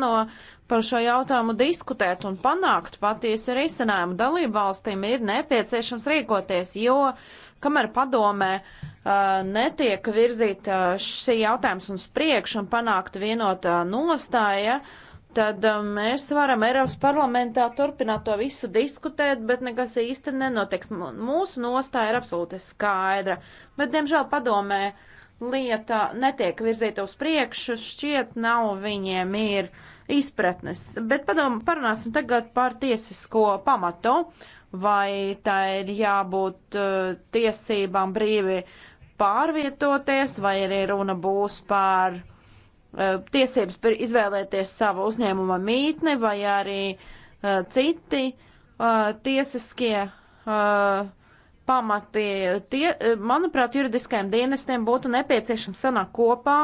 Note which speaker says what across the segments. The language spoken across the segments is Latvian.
Speaker 1: plāno par šo jautājumu diskutēt un panākt patiesu risinājumu. Dalību valstīm ir nepieciešams rīkoties, jo kamēr padomē uh, netiek virzīt uh, šī jautājums un spriekš un panākt vienotā nostāja, tad uh, mēs varam Eiropas parlamentā turpināt to visu diskutēt, bet nekas īsti nenotiks. Mūsu nostāja ir absolūti skaidra, bet, diemžēl, padomē uh, lieta netiek virzīta uz priekšu, šķiet nav viņiem ir izpratnes. Bet padom, parunāsim tagad par tiesisko pamatu, vai tā ir jābūt uh, tiesībām brīvi pārvietoties, vai arī runa būs par uh, tiesības par izvēlēties savu uzņēmuma mītni, vai arī uh, citi uh, tiesiskie uh, pamatie, tie, manuprāt, juridiskajiem dienestiem būtu nepieciešams sanākt kopā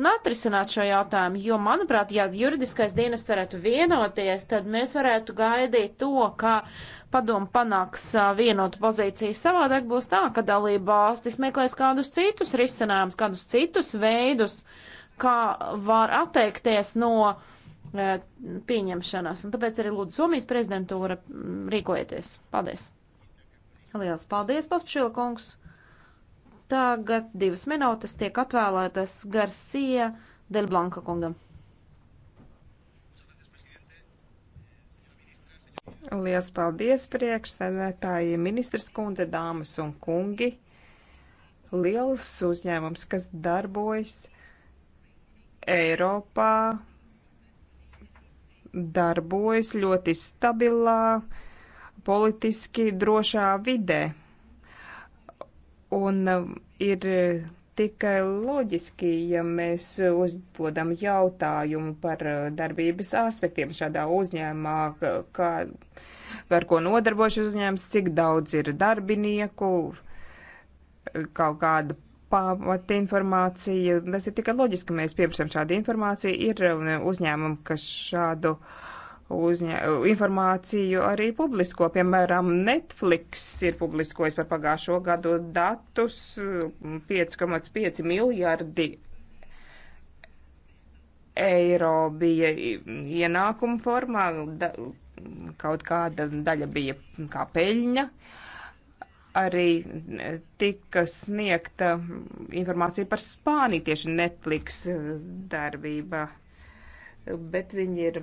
Speaker 1: un atrisināt šo jautājumu, jo, manuprāt, ja juridiskais dienests varētu vienoties, tad mēs varētu gaidīt to, ka padomu panāks vienotu pozīciju. Savādāk būs tā, ka dalība valstis meklēs kādus citus risinājumus, kādus citus veidus, kā var atteikties no pieņemšanas. Un tāpēc arī lūdzu Somijas prezidentūra rīkojieties. Paldies! Lielas paldies, Paspšila kungs! Tagad divas minūtes tiek atvēlētas Garcia del Blanka kungam. Lielas paldies priekšsēdētāji,
Speaker 2: ministrs kundze, dāmas un kungi. Liels uzņēmums, kas darbojas Eiropā, darbojas ļoti stabilā, uh, politiski drošā vidē. Un um, ir tikai loģiski, ja mēs uzdodam jautājumu par uh, darbības aspektiem šādā uzņēmumā, kā, ar ko nodarbošas uzņēmums, cik daudz ir darbinieku, kaut kāda pamata informācija. Tas ir tikai loģiski, ka mēs pieprasām šādu informāciju. Ir uh, uzņēmumi, kas šādu uh, uzņē, informāciju arī publisko. Piemēram, Netflix ir publiskojis par pagājušo gadu datus 5,5 miljardi eiro bija ienākuma formā, da, kaut kāda daļa bija kā peļņa. Arī tika sniegta informācija par Spāniju tieši Netflix darbība. Uh, bet viņi ir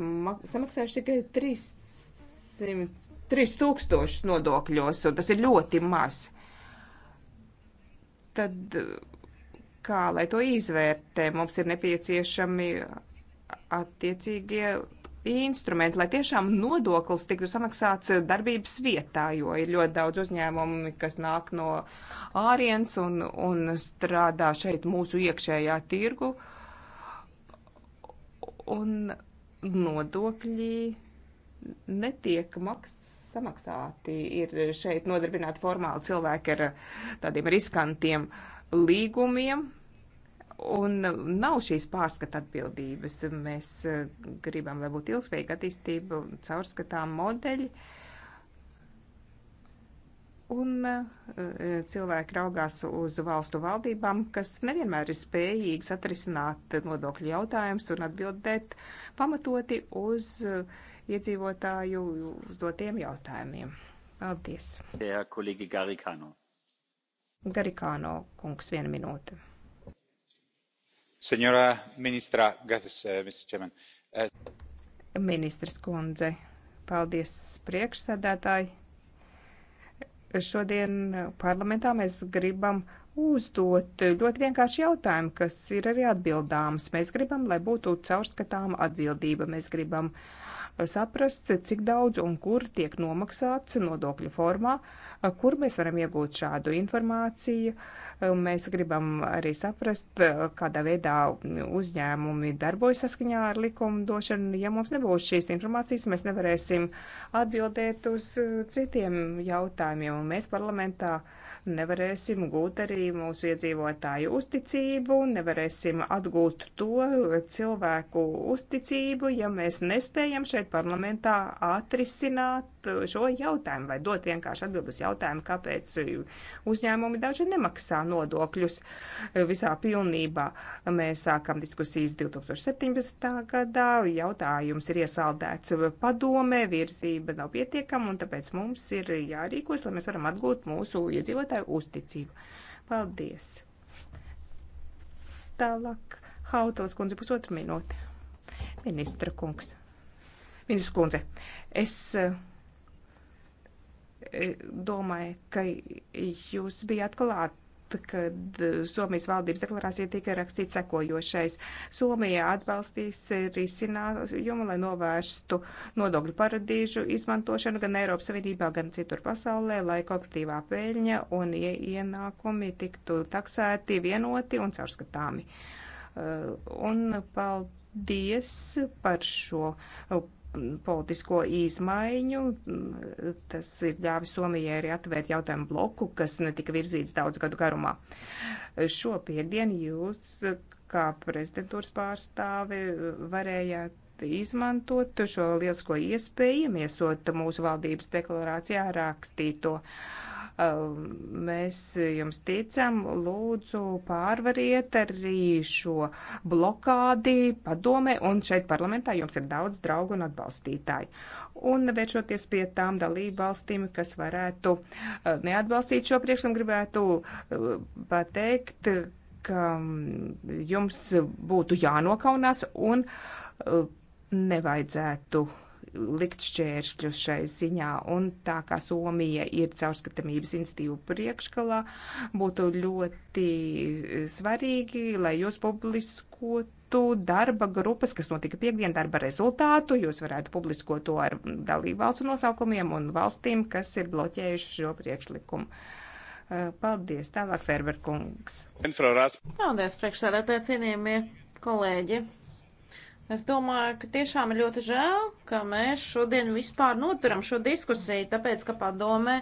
Speaker 2: samaksājuši tikai 300, 3000 nodokļos, un tas ir ļoti maz. Tad kā lai to izvērtē, mums ir nepieciešami attiecīgie instrumenti, lai tiešām nodoklis tiktu samaksāts darbības vietā, jo ir ļoti daudz uzņēmumu, kas nāk no ārienes un, un strādā šeit mūsu iekšējā tirgu. Uh, un nodokļi netiek maksāti samaksāti. Ir šeit nodarbināti formāli cilvēki ar eh, tādiem riskantiem līgumiem. Un nav šīs pārskata atbildības. Mēs eh, gribam, lai būtu ilgspējīga attīstība, caurskatām modeļi. Uh, Un e, cilvēki raugās uz valstu valdībām, kas nevienmēr ir spējīgas atrisināt nodokļu jautājumus un atbildēt pamatoti uz e, iedzīvotāju uzdotiem jautājumiem. Paldies. Jā, kolēģi Garikano. Garikano kungs, viena minūte. Senjora ministra, gatis, e, Mr. Chairman. Ministrs kundze, paldies priekšsēdētāji šodien parlamentā mēs gribam uzdot ļoti vienkārši jautājumu, kas ir arī atbildāms. Mēs gribam, lai būtu caurskatāma atbildība. Mēs gribam uh, saprast, cik daudz un kur tiek nomaksāts nodokļu formā, uh, kur mēs varam iegūt šādu informāciju. Uh, Mēs gribam arī saprast, kādā veidā uzņēmumi darbojas saskaņā ar likumdošanu. Ja mums nebūs šīs informācijas, mēs nevarēsim atbildēt uz citiem jautājumiem, un mēs parlamentā nevarēsim gūt arī mūsu iedzīvotāju uzticību, nevarēsim atgūt to cilvēku uzticību, ja mēs nespējam šeit parlamentā atrisināt šo jautājumu vai dot vienkārši atbildus jautājumu, kāpēc uzņēmumi daži nemaksā nodokļus visā pilnībā. Mēs sākam diskusijas 2017. gadā, jautājums ir iesaldēts padomē, virzība nav pietiekama, un tāpēc mums ir jārīkojas, lai mēs varam atgūt mūsu iedzīvotāju uzticību. Paldies! Tālāk, Hautalas kundze, pusotru minūti. Ministra kungs. Ministra kundze, es eh, domāju, ka jūs bijāt klāt kad eh, Somijas valdības deklarācija tika rakstīts sekojošais. Somija atbalstīs risinājumu, lai novērstu nodokļu paradīžu izmantošanu gan Eiropas Savienībā, gan citur pasaulē, lai kooperatīvā peļņa un ienākumi tiktu taksēti vienoti un caurskatāmi. Eh, un paldies par šo politisko īsmaiņu. Tas ir ļāvis Somijai arī atvērt jautājumu bloku, kas netika virzīts daudz gadu garumā. Šo piekdienu jūs, kā prezidentūras pārstāvi, varējāt izmantot šo lielisko iespēju, iemiesot mūsu valdības deklarācijā rakstīto. Uh, Ehm, mēs jums ticam, lūdzu, pārvariet arī šo blokādi padomē, un šeit parlamentā jums ir daudz draugu un atbalstītāji. Un vēršoties pie tām dalību valstīm, kas varētu eh, neatbalstīt šo priekšlikumu, gribētu eh, pateikt, ka mm, jums būtu jānokaunās un eh, nevajadzētu likt šķēršļus šai ziņā, un tā kā Somija ir caurskatāmības institīvu priekškalā, būtu ļoti svarīgi, lai jūs publiskotu būtu darba grupas, kas notika piekdien darba rezultātu. Jūs varētu publiskot to ar dalību valstu nosaukumiem un valstīm, kas ir bloķējuši
Speaker 1: šo priekšlikumu. Eh, paldies, tālāk Ferberkungs.
Speaker 3: Paldies,
Speaker 1: priekšsēdētāji, cienījamie kolēģi. Es domāju, ka tiešām ir ļoti žēl, ka mēs šodien vispār noturam šo diskusiju, tāpēc, ka padome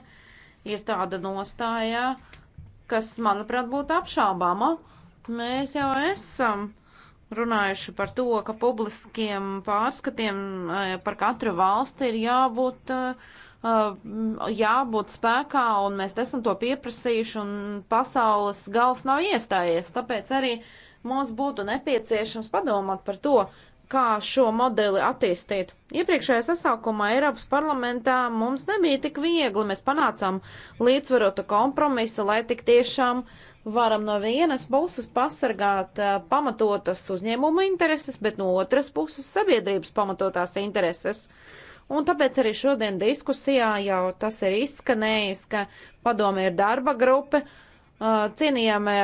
Speaker 1: ir tāda nostājā, kas, manuprāt, būtu apšaubāma. Mēs jau esam runājuši par to, ka publiskiem pārskatiem e, par katru valsti ir jābūt, e, e, jābūt spēkā, un mēs esam to pieprasījuši, un pasaules gals nav iestājies. Tāpēc arī mums būtu nepieciešams padomāt par to, kā šo modeli attīstīt. Iepriekšējā sasaukumā Eiropas parlamentā mums nebija tik viegli. Mēs panācām līdzvarotu kompromisu, lai tik tiešām varam no vienas puses pasargāt uh, pamatotas uzņēmuma intereses, bet no otras puses sabiedrības pamatotās intereses. Un tāpēc arī šodien diskusijā jau tas ir izskanējis, ka padome ir darba grupe, uh, cienījamie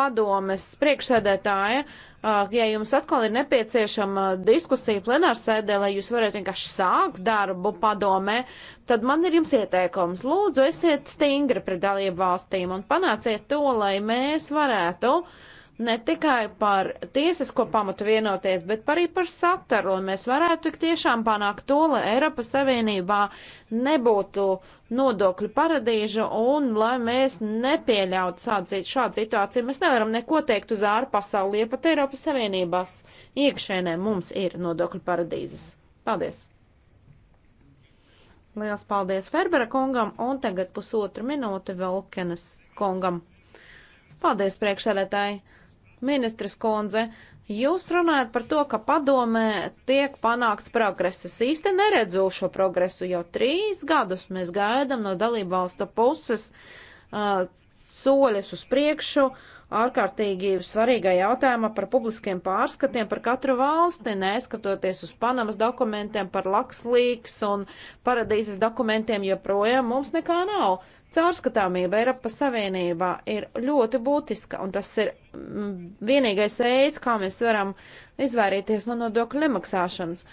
Speaker 1: padomes priekšsēdētāja. Uh, ja jums atkal ir nepieciešama diskusija plenārsēdē, lai jūs varētu vienkārši sākt darbu padomē, tad man ir jums ieteikums. Lūdzu, esiet stingri pret dalību valstīm un panāciet to, lai mēs varētu uh, ne tikai par tiesisko pamatu vienoties, bet arī par saturu, lai mēs varētu tik tiešām panākt to, lai Eiropas Savienībā nebūtu nodokļu paradīža un lai mēs nepieļautu šādu, šādu situāciju. Mēs nevaram neko teikt uz ārpasauli, ja pat Eiropas Savienībās iekšēnē mums ir nodokļu paradīzes. Paldies! Liels paldies Ferbera kungam un tagad pusotra minūte Velkenes kungam. Paldies priekšsēdētāji! Ministres kundze, jūs runājat par to, ka padomē tiek panākts progress. Es īsti neredzu šo progresu, jo trīs gadus mēs gaidam no dalību valstu puses uh, soļus uz priekšu ārkārtīgi svarīgā jautājumā par publiskiem pārskatiem par katru valsti, neskatoties uz Panamas dokumentiem, par Lakslīks un paradīzes dokumentiem, joprojām mums nekā nav. Caurskatāmība Eiropas Savienībā ir ļoti būtiska, un tas ir mm, vienīgais veids, kā mēs varam izvairīties no nodokļu nemaksāšanas.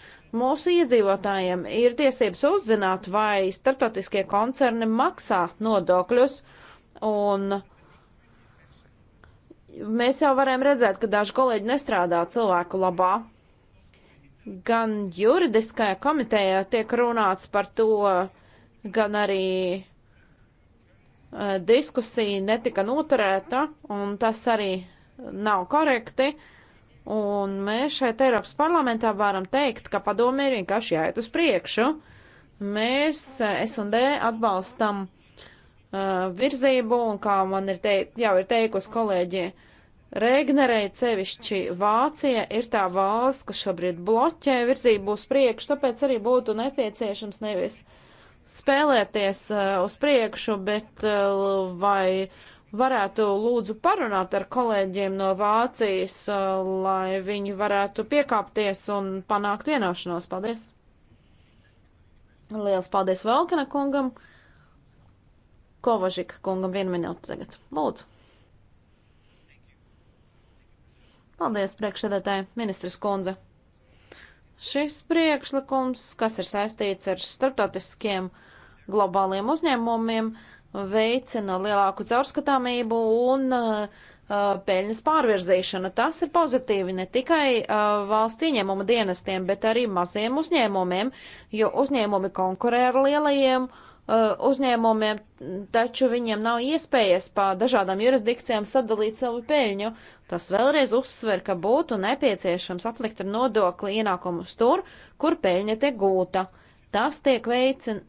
Speaker 1: Mūsu iedzīvotājiem ir tiesības uzzināt, vai starptautiskie koncerni maksā nodokļus, un mēs jau varējām redzēt, ka daži kolēģi nestrādā cilvēku labā. Gan juridiskajā komitejā tiek runāts par to, gan arī diskusija netika noturēta, un tas arī nav korekti. Un mēs šeit Eiropas parlamentā varam teikt, ka padomē ir vienkārši jāiet uz priekšu. Mēs S&D atbalstam uh, virzību, un kā man ir teikt, jau ir teikusi kolēģi Regnerei, cevišķi Vācija ir tā valsts, kas šobrīd bloķē virzību uz priekšu, tāpēc arī būtu nepieciešams nevis uh, spēlēties eh, uz priekšu, bet eh, vai varētu lūdzu parunāt ar kolēģiem no Vācijas, eh, lai viņi varētu piekāpties un panākt vienošanos? Paldies! Liels paldies Valkana kungam! Kovažika kungam vienu minūti tagad. Lūdzu! Paldies, priekšsēdētāji, ministrs kundze! Šis priekšlikums, kas ir saistīts ar starptautiskiem globāliem uzņēmumiem, veicina lielāku caurskatāmību un uh, peļņas pārvirzīšanu. Tas ir pozitīvi ne tikai uh, valsts ieņēmuma dienestiem, bet arī maziem uzņēmumiem, jo uzņēmumi konkurē ar lielajiem uh, uzņēmumiem, taču viņiem nav iespējas pa dažādām jurisdikcijām sadalīt savu peļņu, Tas vēlreiz uzsver, ka būtu nepieciešams aplikt ar nodokli ienākumus tur, kur peļņa tiek gūta. Tas tiek veicin,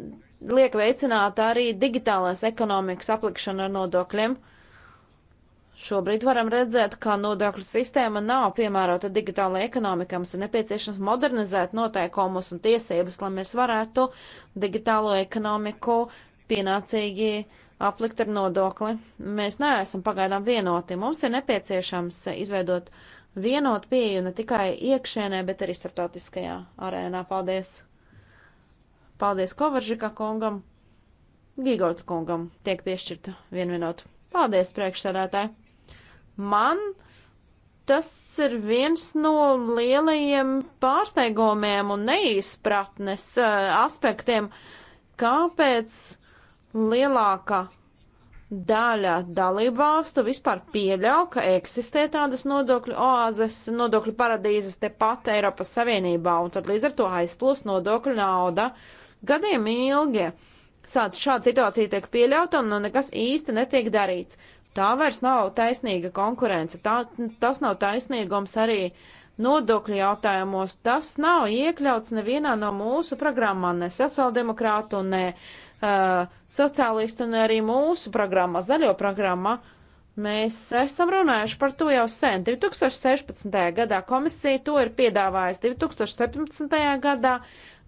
Speaker 1: liek veicināt arī digitālās ekonomikas aplikšanu ar nodokļiem. Šobrīd varam redzēt, ka nodokļu sistēma nav piemērota digitālajai ekonomikai. Mums ir nepieciešams modernizēt noteikumus un tiesības, lai mēs varētu digitālo ekonomiku pienācīgi uh, aplikt ar nodokli. Mēs neesam pagaidām vienoti. Mums ir nepieciešams izveidot vienotu pieeju ne tikai iekšēnē, bet arī starptautiskajā arēnā. Paldies! Paldies Kovaržika kungam, Gigolta kungam tiek piešķirta vienu minūtu. Paldies, priekšsēdētāji! Man tas ir viens no lielajiem pārsteigumiem un neizpratnes uh, aspektiem, kāpēc lielākā daļa dalību valstu vispār pieļauj, ka eksistē tādas nodokļu oāzes, nodokļu paradīzes tepat Eiropas Savienībā, un tad līdz ar to aizplūst nodokļu nauda gadiem ilgi. Sāc, šāda situācija tiek pieļauta, un nu nekas īsti netiek darīts. Tā vairs nav taisnīga konkurence, tā, tas nav taisnīgums arī nodokļu jautājumos. Tas nav iekļauts nevienā no mūsu programmām, ne sociāldemokrātu, ne uh, eh, sociālistu un arī mūsu programmā, zaļo programmā, mēs esam runājuši par to jau sen. 2016. gadā komisija to ir piedāvājusi, 2017. gadā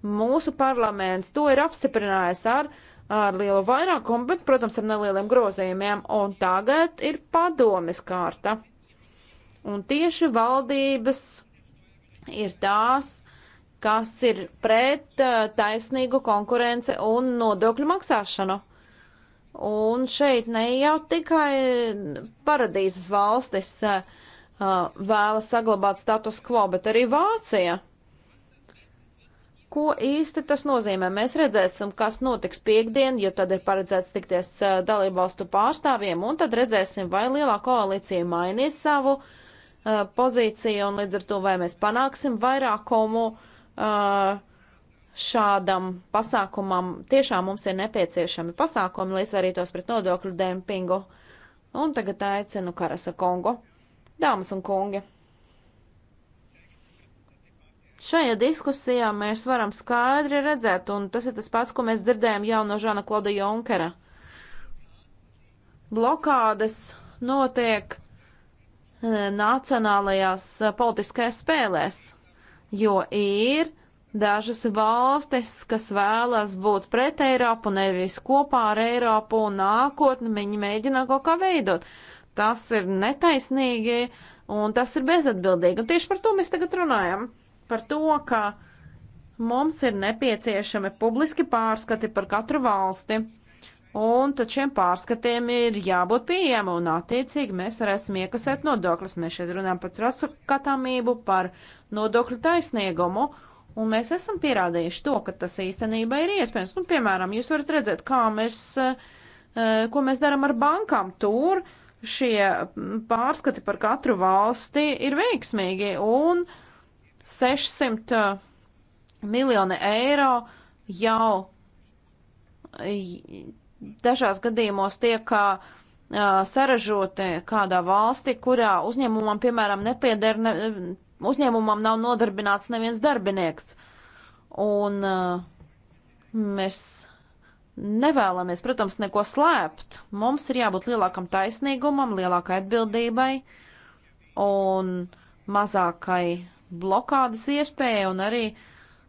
Speaker 1: mūsu parlaments to ir apstiprinājis ar ar lielu vairākumu, bet, protams, ar nelieliem grozījumiem, un tagad ir padomes kārta. Un tieši valdības ir tās, kas ir pret taisnīgu konkurenci un nodokļu maksāšanu. Un šeit ne jau tikai paradīzes valstis vēlas saglabāt status quo, bet arī Vācija. Ko īsti tas nozīmē? Mēs redzēsim, kas notiks piekdien, jo tad ir paredzēts tikties dalībvalstu pārstāvjiem, un tad redzēsim, vai lielā koalīcija mainīs savu uh, pozīciju, un līdz ar to, vai mēs panāksim vairākumu uh, Uh, šādam pasākumam. Tiešām mums ir nepieciešami pasākumi, lai svarītos pret nodokļu dempingu. Un tagad aicinu Karasa Kongu. Dāmas un kungi! Šajā diskusijā mēs varam skaidri redzēt, un tas ir tas pats, ko mēs dzirdējām jau no Žana Klauda Junkera. Blokādes notiek eh, nacionālajās eh, politiskajās spēlēs jo ir dažas valstis, kas vēlas būt pret Eiropu, nevis kopā ar Eiropu, un nākotni viņi mēģina kaut kā veidot. Tas ir netaisnīgi, un tas ir bezatbildīgi. Un tieši par to mēs tagad runājam. Par to, ka mums ir nepieciešami publiski pārskati par katru valsti Un tad šiem pārskatiem ir jābūt pieejama, un attiecīgi mēs varēsim iekasēt nodokļus. Mēs šeit runājam par caurskatāmību, par nodokļu taisnīgumu, un mēs esam pierādījuši to, ka tas īstenībā ir iespējams. Nu, piemēram, jūs varat redzēt, kā mēs, eh, ko mēs darām ar bankām tur, šie pārskati par katru valsti ir veiksmīgi, un 600 eh, miljoni eiro jau dažās gadījumos tiek uh, saražoti kādā valsti, kurā uzņēmumam, piemēram, nepieder, ne, uzņēmumam nav nodarbināts neviens darbinieks. Un uh, mēs nevēlamies, protams, neko slēpt. Mums ir jābūt lielākam taisnīgumam, lielākai atbildībai un mazākai blokādas iespējai un arī uh,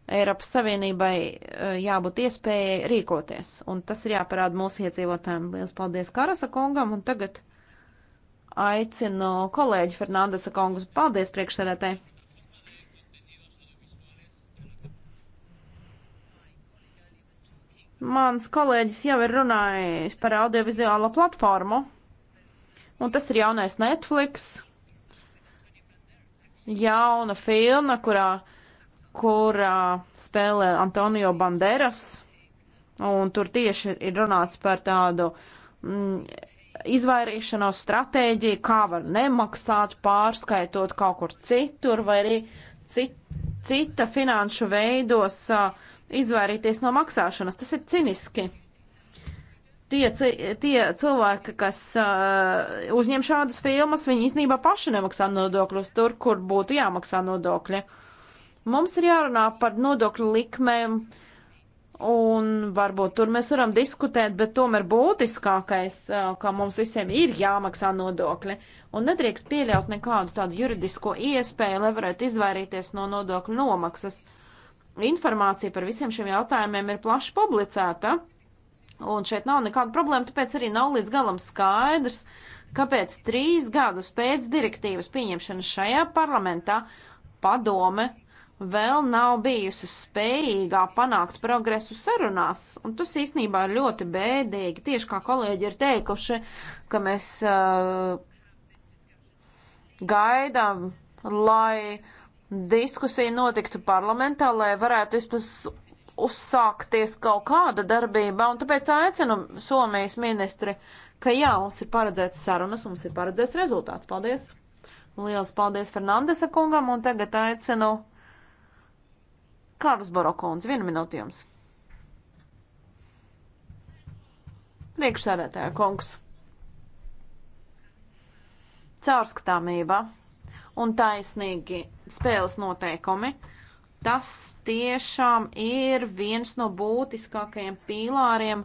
Speaker 1: Eiropas Savienībai eh, jābūt iespējai rīkoties, un tas ir jāparāda mūsu iedzīvotājiem. Lielas paldies Karasa kungam, un tagad aicinu kolēģi Fernandesa kungus. Paldies priekšsēdētāji! Mans kolēģis jau ir runājis par audiovizuālo platformu, un tas ir jaunais Netflix, jauna filma, kurā kurā spēlē Antonio Banderas, un tur tieši ir runāts par tādu mm, izvairīšanos stratēģiju, kā var nemaksāt, pārskaitot kaut kur citur, vai arī cit, cita finanšu veidos uh, izvairīties no maksāšanas. Tas ir ciniski. Tie, tie cilvēki, kas uh, uzņem šādas filmas, viņi īstenībā paši nemaksā nodokļus tur, kur būtu jāmaksā nodokļi. Uh, Mums ir jārunā par nodokļu likmēm, un varbūt tur mēs varam diskutēt, bet tomēr būtiskākais, ka mums visiem ir jāmaksā nodokļi, un nedrīkst pieļaut nekādu tādu juridisko iespēju, lai varētu izvairīties no nodokļu nomaksas. Informācija par visiem šiem jautājumiem ir plaši publicēta, un šeit nav nekāda problēma, tāpēc arī nav līdz galam skaidrs, kāpēc trīs gadus pēc direktīvas pieņemšanas šajā parlamentā padome vēl nav bijusi spējīgā panākt progresu sarunās, un tas īstenībā ir ļoti bēdīgi, tieši kā kolēģi ir teikuši, ka mēs uh, gaidām, lai diskusija notiktu parlamentā, lai varētu vispār uzsākties kaut kāda darbība, un tāpēc aicinu Somijas ministri, ka jā, mums ir paredzēts sarunas, mums ir paredzēts rezultāts. Paldies! Lielas paldies Fernandesa kungam, un tagad aicinu Kārls Barokons, viena minūte jums. Priekšsēdētāja kungs. Caurskatāmība un taisnīgi spēles noteikumi. Tas tiešām ir viens no būtiskākajiem pīlāriem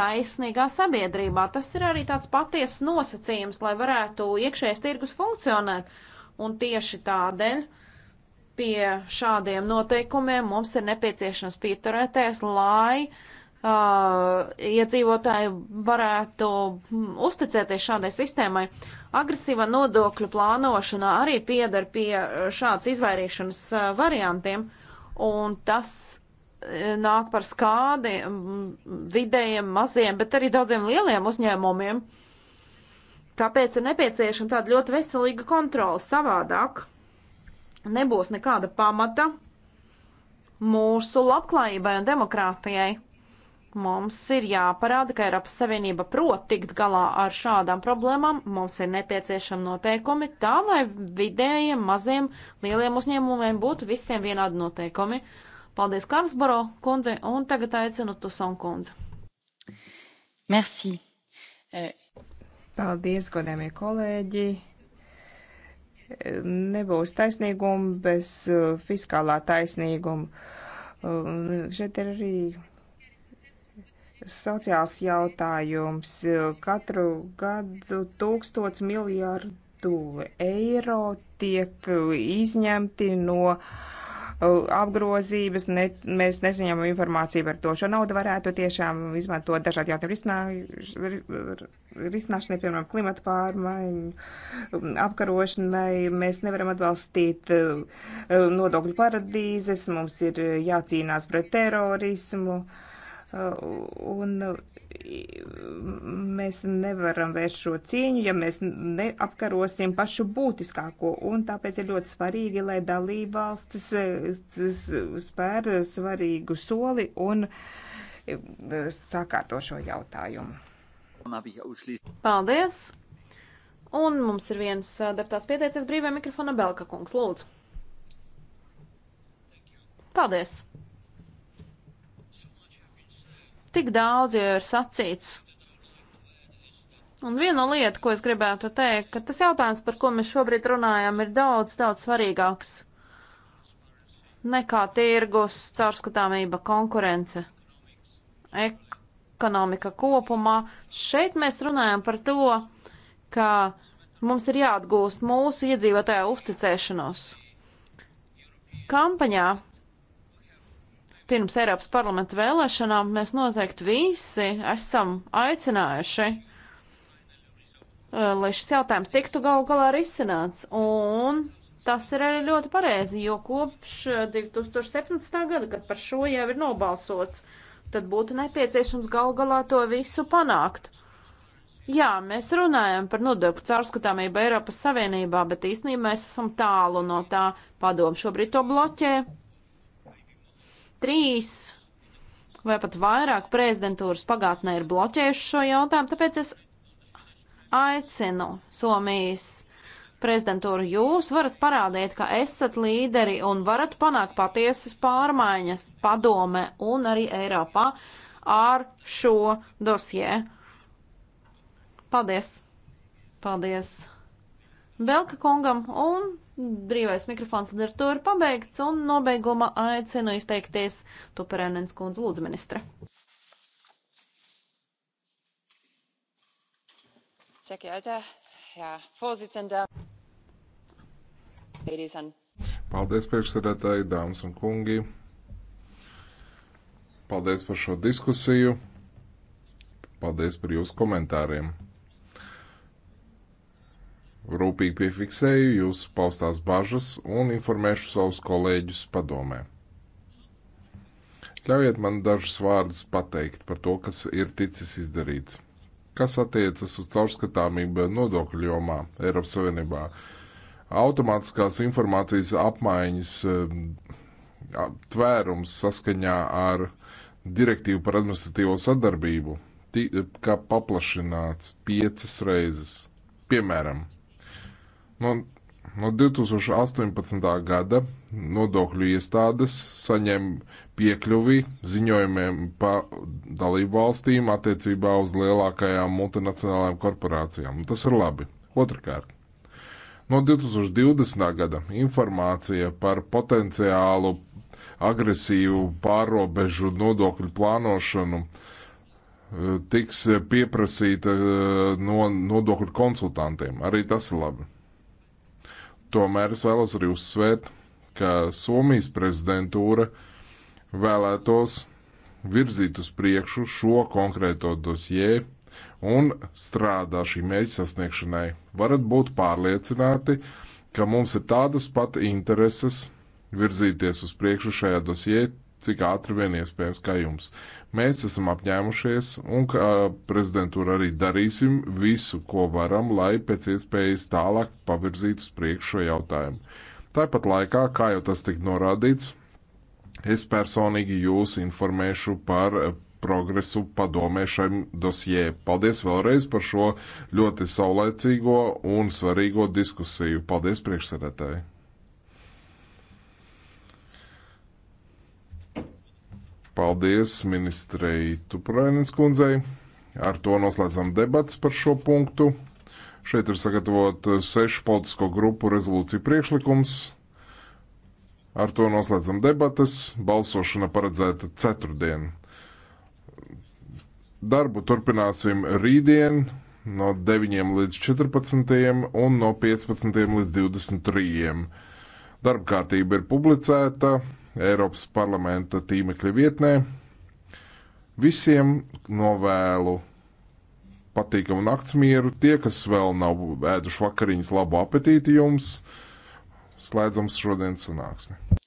Speaker 1: taisnīgā sabiedrībā. Tas ir arī tāds patiesas nosacījums, lai varētu iekšējais tirgus funkcionēt. Un tieši tādēļ uh, pie šādiem noteikumiem, mums ir nepieciešams pieturēties, lai uh, iedzīvotāji varētu mm, uzticēties šādai sistēmai. Agresīva nodokļu plānošana arī piedar pie šāds izvairīšanas uh, variantiem, un tas uh, nāk par skādi mm, vidējiem, maziem, bet arī daudziem lieliem uzņēmumiem. Tāpēc ir nepieciešama tāda ļoti veselīga kontrola savādāk nebūs nekāda pamata mūsu labklājībai un demokrātijai. Mums ir jāparāda, ka Eiropas Savienība prot tikt galā ar šādām problēmām. Mums ir nepieciešami noteikumi tā, lai vidējiem, maziem, lieliem uzņēmumiem būtu visiem vienādi noteikumi. Paldies, Kārs Baro kundze, un tagad aicinu Tusonu kundzi. Merci. Paldies, godējumie kolēģi
Speaker 2: nebūs taisnīguma bez uh, fiskālā taisnīguma. Um, šeit ir arī sociāls jautājums. Katru gadu tūkstots miljārdu eiro tiek izņemti no uh, apgrozības, ne, mēs nesaņemam informāciju par to. Šo naudu varētu tiešām izmantot dažādu jautājumu risināšanai, piemēram, klimata pārmaiņu apkarošanai. Mēs nevaram atbalstīt eh, nodokļu paradīzes, mums ir eh, jācīnās pret terorismu. Uh, Uh, un uh, mēs nevaram vērst šo cīņu, ja mēs neapkarosim pašu būtiskāko. Un tāpēc ir ļoti svarīgi, lai dalībvalstis uh, spēr svarīgu soli un sakārto šo jautājumu.
Speaker 1: Paldies! Un mums ir viens deputāts pieteicies brīvajā mikrofona Belka kungs. Lūdzu! Paldies! Tik daudz jau ir sacīts. Un viena lieta, ko es gribētu teikt, ka tas jautājums, par ko mēs šobrīd runājam, ir daudz, daudz svarīgāks nekā tirgus, caurskatāmība, konkurence, ekonomika kopumā. Šeit mēs runājam par to, ka mums ir jāatgūst mūsu iedzīvotāju uzticēšanos. Kampaņā pirms Eiropas parlamenta vēlēšanām mēs noteikti visi esam aicinājuši, eh, lai šis jautājums tiktu galu galā risināts. Un tas ir arī ļoti pareizi, jo kopš 2017. Eh, gada, kad par šo jau ir nobalsots, tad būtu nepieciešams galu galā to visu panākt. Jā, mēs runājam par nodokļu caurskatāmību Eiropas Savienībā, bet īstenībā mēs esam tālu no tā. Padomu šobrīd to bloķē. Trīs vai pat vairāk prezidentūras pagātnē ir bloķējuši šo jautājumu, tāpēc es aicinu Somijas prezidentūru, jūs varat parādīt, ka esat līderi un varat panākt patiesas pārmaiņas padome un arī Eiropā ar šo dosie. Paldies! Paldies Belka kungam un Brīvais mikrofons ar to ir pabeigts, un nobeigumā aicinu izteikties Tuperēnens kundze lūdzu ministre.
Speaker 3: Paldies, priekšsēdētāji, dāmas un kungi. Paldies par šo diskusiju. Paldies par jūsu komentāriem. Rūpīgi piefiksēju jūsu paustās bažas un informēšu savus kolēģus padomē. Ļaujiet man dažus vārdus pateikt par to, kas ir ticis izdarīts. Kas attiecas uz caurskatāmību nodokļu jomā Eiropas Savienībā? Automātiskās informācijas apmaiņas eh, tvērums saskaņā ar direktīvu par administratīvo sadarbību tika paplašināts piecas reizes. Piemēram, Nu, no, no 2018. gada nodokļu iestādes saņem piekļuvi ziņojumiem pa dalību valstīm attiecībā uz lielākajām multinacionālajām korporācijām. Tas ir labi. Otrakārt, no 2020. gada informācija par potenciālu agresīvu pārobežu nodokļu plānošanu eh, tiks pieprasīta eh, no nodokļu konsultantiem. Arī tas ir labi. Tomēr es vēlos arī uzsvērt, ka Somijas prezidentūra vēlētos virzīt uz priekšu šo konkrēto dosjē un strādā šī mērķa sasniegšanai. Varat būt pārliecināti, ka mums ir tādas pat intereses virzīties uz priekšu šajā dosjē, cik ātri vien iespējams kā jums. Mēs esam apņēmušies, un kā prezidentūra arī darīsim visu, ko varam, lai pēc iespējas tālāk pavirzītu uz priekšu šo jautājumu. Tāpat laikā, kā jau tas tika norādīts, es personīgi jūs informēšu par progresu padomē šajam dosjē. Paldies vēlreiz par šo ļoti saulēcīgo un svarīgo diskusiju. Paldies priekšsēdētāji! Paldies ministrei Tuprainens kundzei. Ar to noslēdzam debats par šo punktu. Šeit ir sagatavot sešu politisko grupu rezolūciju priekšlikums. Ar to noslēdzam debatas. Balsošana paredzēta ceturtdien. Darbu turpināsim rītdien no 9 līdz 14 un no 15 līdz 23. Darba kārtība ir publicēta Eiropas parlamenta tīmekļa vietnē. Visiem novēlu patīkamu naktsmieru. Tie, kas vēl nav ēduši vakariņas, labu apetīti jums. Slēdzam šodienas sanāksmi.